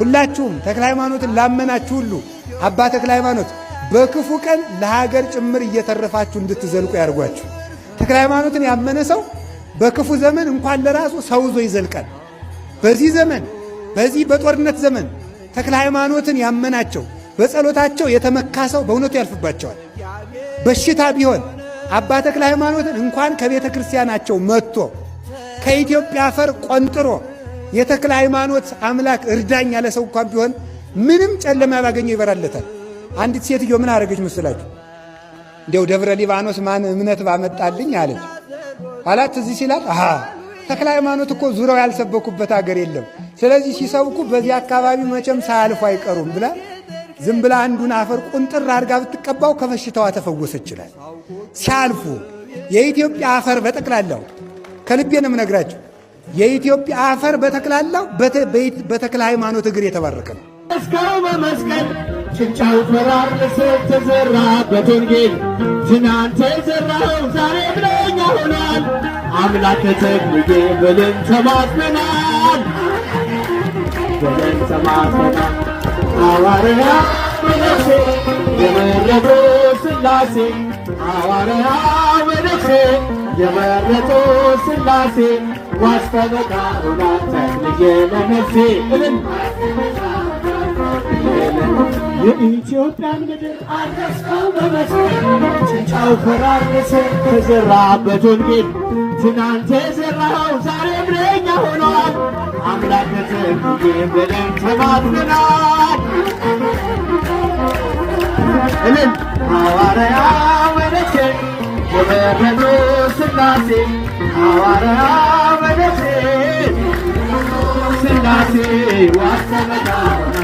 ሁላችሁም ተክለ ሃይማኖትን ላመናችሁ ሁሉ አባ ተክለ ሃይማኖት በክፉ ቀን ለሀገር ጭምር እየተረፋችሁ እንድትዘልቁ ያድርጓችሁ። ተክለ ሃይማኖትን ያመነ ሰው በክፉ ዘመን እንኳን ለራሱ ሰው ዞ ይዘልቃል። በዚህ ዘመን በዚህ በጦርነት ዘመን ተክለ ሃይማኖትን ያመናቸው በጸሎታቸው የተመካ ሰው በእውነቱ ያልፍባቸዋል። በሽታ ቢሆን አባ ተክለ ሃይማኖትን እንኳን ከቤተ ክርስቲያናቸው መጥቶ ከኢትዮጵያ አፈር ቆንጥሮ የተክለ ሃይማኖት አምላክ እርዳኝ ያለ ሰው እንኳን ቢሆን ምንም ጨለማ ባገኘው ይበራለታል። አንዲት ሴትዮ ምን አደረገች መስላችሁ? እንዲያው ደብረ ሊባኖስ ማን እምነት ባመጣልኝ አለች። አላት እዚህ ሲላት አሃ ተክለ ሃይማኖት እኮ ዙሪያው ያልሰበኩበት አገር የለም። ስለዚህ ሲሰብኩ በዚህ አካባቢ መቼም ሳያልፉ አይቀሩም ብላ ዝም ብላ አንዱን አፈር ቁንጥር አድርጋ ብትቀባው ከበሽታዋ ተፈወሰ ይችላል። ሲያልፉ የኢትዮጵያ አፈር በጠቅላላው ከልቤንም ነግራቸው የኢትዮጵያ አፈር በተክላላው በተክለ ሃይማኖት እግር የተባረከ ነው። እስካው በመስቀል ጭንጫው ፈራር ምስል ተዘራ በቶንጌል ትናንተ የዘራኸው ዛሬ ብለኛ ሆናል። አምላክ ተተክልጌ በለን ተማትመናል፣ በለን ተማትመናል። አዋርያ በነፍሴ የመረጦ ስላሴ አዋርያ በነፍሴ የመረጦ ስላሴ ዋስተበታ ሁላተ ልዬ ለነፍሴ የኢትዮጵያን ምድር አረስከው በመስቀል ጭንጫው ፈራርስ ተዘራበት ወንጌል ትናንት የዘራኸው ዛሬ ምረኛ ሆኗል። አምላከተ ብለን ተማምነናል። እልል ሐዋርያ ወነቼ ወበረዶ ስላሴ ሐዋርያ వాస్తవ